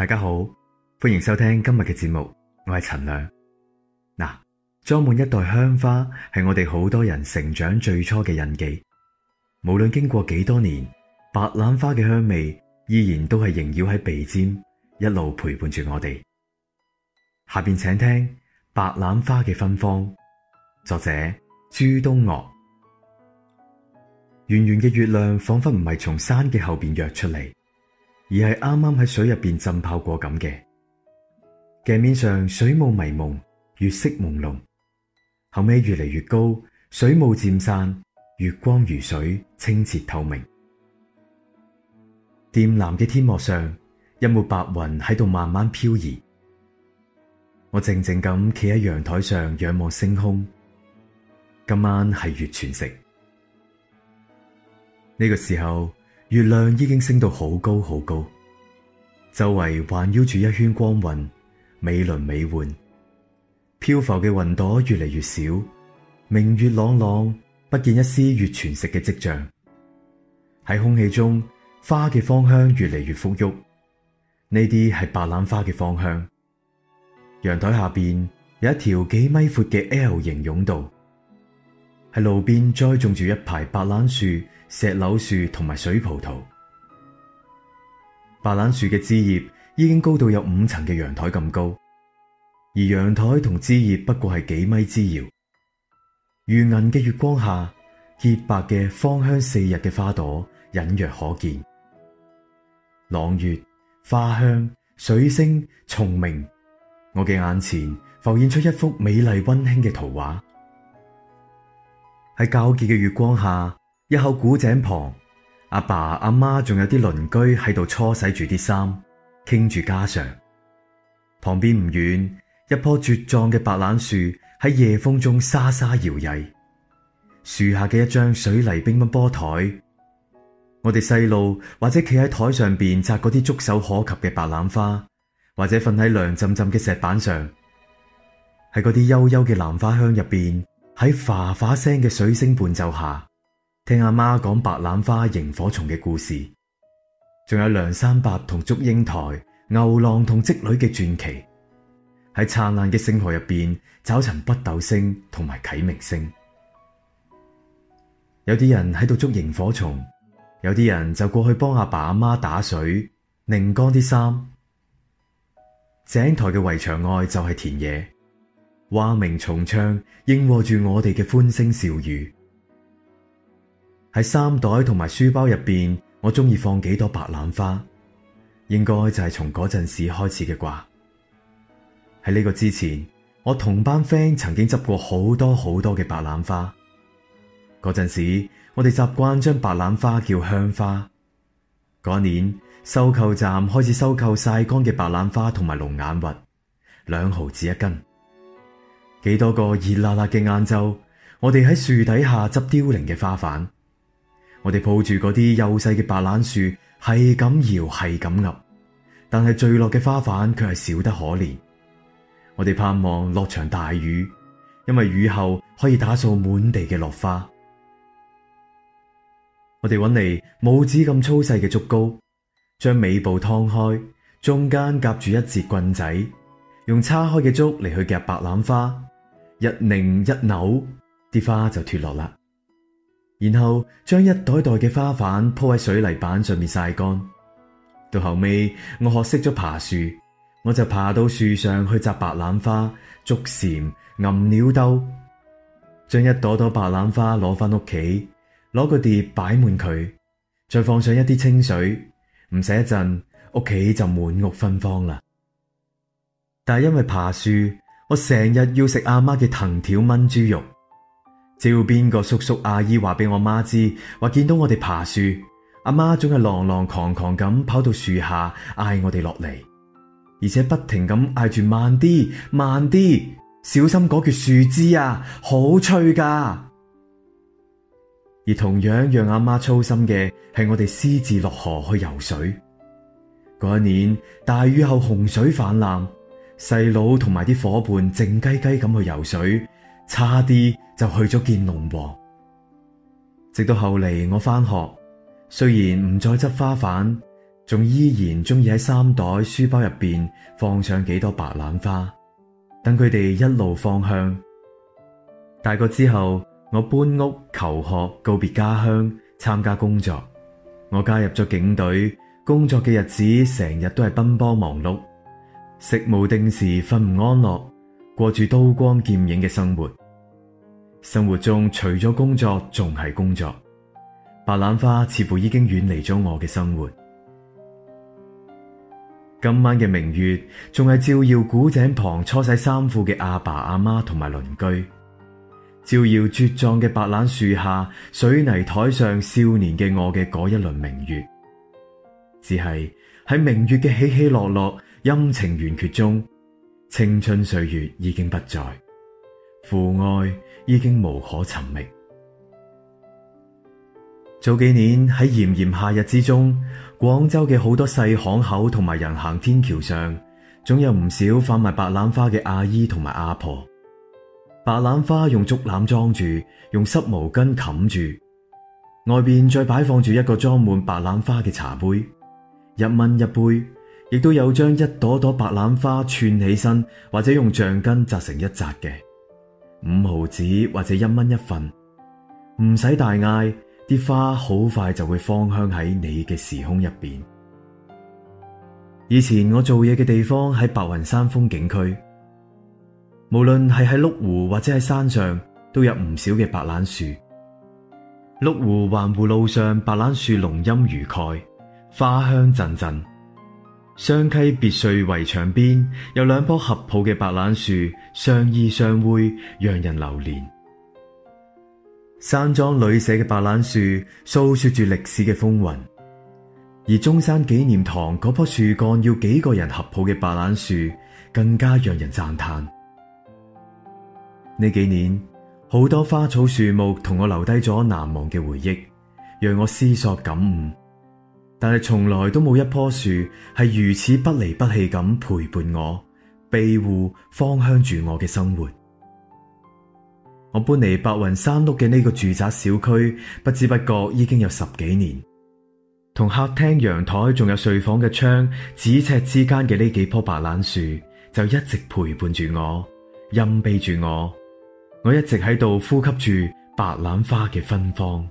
大家好，歡迎收聽今日嘅節目，我係陳亮。嗱，裝滿一袋香花係我哋好多人成長最初嘅印記。無論經過幾多年，白蘭花嘅香味依然都係縈繞喺鼻尖，一路陪伴住我哋。下邊請聽《白蘭花嘅芬芳》，作者朱東岳。圓圓嘅月亮仿佛唔係從山嘅後邊躍出嚟。而係啱啱喺水入邊浸泡過咁嘅鏡面上，水霧迷蒙，月色朦朧。後尾越嚟越高，水霧漸散，月光如水，清澈透明。靛藍嘅天幕上，一抹白雲喺度慢慢飄移。我靜靜咁企喺陽台上仰望星空，今晚係月全食。呢個時候。月亮已經升到好高好高，周圍環繞住一圈光暈，美輪美奐。漂浮嘅雲朵越嚟越少，明月朗朗，不見一絲月全食嘅跡象。喺空氣中，花嘅芳香越嚟越馥郁。呢啲係白蘭花嘅芳香。陽台下邊有一條幾米闊嘅 L 型甬道，喺路邊栽種住一排白蘭樹。石榴樹同埋水葡萄，白蘭樹嘅枝葉已經高到有五層嘅陽台咁高，而陽台同枝葉不過係幾米之遙。如銀嘅月光下，潔白嘅芳香四溢嘅花朵隱約可見。朗月、花香、水聲、蟲鳴，我嘅眼前浮現出一幅美麗溫馨嘅圖畫。喺皎潔嘅月光下。一口古井旁，阿爸阿媽仲有啲鄰居喺度搓洗住啲衫，傾住家常。旁邊唔遠，一棵茁壯嘅白蘭樹喺夜風中沙沙搖曳。樹下嘅一張水泥乒乓波台，我哋細路或者企喺台上邊摘嗰啲觸手可及嘅白蘭花，或者瞓喺涼浸浸嘅石板上，喺嗰啲幽幽嘅蘭花香入邊，喺嘩嘩聲嘅水聲伴奏下。聽阿媽講白蘭花螢火蟲嘅故事，仲有梁山伯同祝英台、牛郎同織女嘅傳奇，喺燦爛嘅星河入邊找尋北斗星同埋啟明星。有啲人喺度捉螢火蟲，有啲人就過去幫阿爸阿媽打水、擰乾啲衫。井台嘅圍牆外就係田野，蛙鳴蟲唱應和住我哋嘅歡聲笑語。喺衫袋同埋書包入邊，我中意放幾朵白蘭花，應該就係從嗰陣時開始嘅啩。喺呢個之前，我同班 friend 曾經執過好多好多嘅白蘭花。嗰陣時，我哋習慣將白蘭花叫香花。嗰年收購站開始收購晒乾嘅白蘭花同埋龍眼核，兩毫子一斤。幾多個熱辣辣嘅晏晝，我哋喺樹底下執凋零嘅花瓣。我哋抱住嗰啲幼細嘅白蘭樹，係咁搖係咁噏，但係墜落嘅花瓣卻係少得可憐。我哋盼望落場大雨，因為雨後可以打掃滿地嘅落花。我哋搵嚟拇指咁粗細嘅竹篙，將尾部劏開，中間夾住一截棍仔，用叉開嘅竹嚟去夾白蘭花，一擰一扭，啲花就脫落啦。然後將一袋袋嘅花瓣鋪喺水泥板上面曬乾。到後尾我學識咗爬樹，我就爬到樹上去摘白蘭花、捉蟬、銀鳥兜，將一朵朵白蘭花攞翻屋企，攞個碟擺滿佢，再放上一啲清水，唔使一陣屋企就滿屋芬芳啦。但係因為爬樹，我成日要食阿媽嘅藤條燜豬肉。只要邊個叔叔阿姨話俾我媽知，話見到我哋爬樹，阿媽總係狼狼狂狂咁跑到樹下嗌我哋落嚟，而且不停咁嗌住慢啲、慢啲，小心嗰橛樹枝啊，好脆噶。而同樣讓阿媽操心嘅係我哋私自落河去游水。嗰一年大雨後洪水泛濫，細佬同埋啲伙伴靜雞雞咁去游水。差啲就去咗見龍王，直到後嚟我翻學，雖然唔再執花瓣，仲依然中意喺衫袋、書包入邊放上幾朵白蘭花，等佢哋一路放香。大個之後，我搬屋、求學、告別家鄉、參加工作，我加入咗警隊，工作嘅日子成日都係奔波忙碌，食無定時、瞓唔安樂，過住刀光劍影嘅生活。生活中除咗工作，仲係工作。白蘭花似乎已經遠離咗我嘅生活。今晚嘅明月仲係照耀古井旁搓洗衫褲嘅阿爸阿媽同埋鄰居，照耀茁壯嘅白蘭樹下水泥台上少年嘅我嘅嗰一輪明月，只係喺明月嘅起起落落、陰晴圓缺中，青春歲月已經不再父愛已經無可尋覓。早幾年喺炎炎夏日之中，廣州嘅好多細巷口同埋人行天橋上，總有唔少販賣白蘭花嘅阿姨同埋阿婆。白蘭花用竹籃裝住，用濕毛巾冚住，外邊再擺放住一個裝滿白蘭花嘅茶杯，一蚊一杯，亦都有將一朵朵白蘭花串起身，或者用橡筋紮成一紮嘅。五毫子或者一蚊一份，唔使大嗌，啲花好快就會芳香喺你嘅時空入邊。以前我做嘢嘅地方喺白雲山風景區，無論係喺麓湖或者喺山上，都有唔少嘅白蘭樹。麓湖環湖路，路上白蘭樹濃蔭如蓋，花香陣陣。雙溪別墅圍牆邊有兩棵合抱嘅白蘭樹，相依相偎，讓人流連。山莊旅社嘅白蘭樹訴說住歷史嘅風雲，而中山紀念堂嗰棵樹幹要幾個人合抱嘅白蘭樹，更加讓人讚嘆。呢幾年，好多花草樹木同我留低咗難忘嘅回憶，讓我思索感悟。但係從來都冇一棵樹係如此不離不棄咁陪伴我，庇護芳香住我嘅生活。我搬嚟白雲山麓嘅呢個住宅小區，不知不覺已經有十幾年。同客廳陽台仲有睡房嘅窗，咫尺之間嘅呢幾棵白蘭樹就一直陪伴住我，蔭庇住我。我一直喺度呼吸住白蘭花嘅芬芳。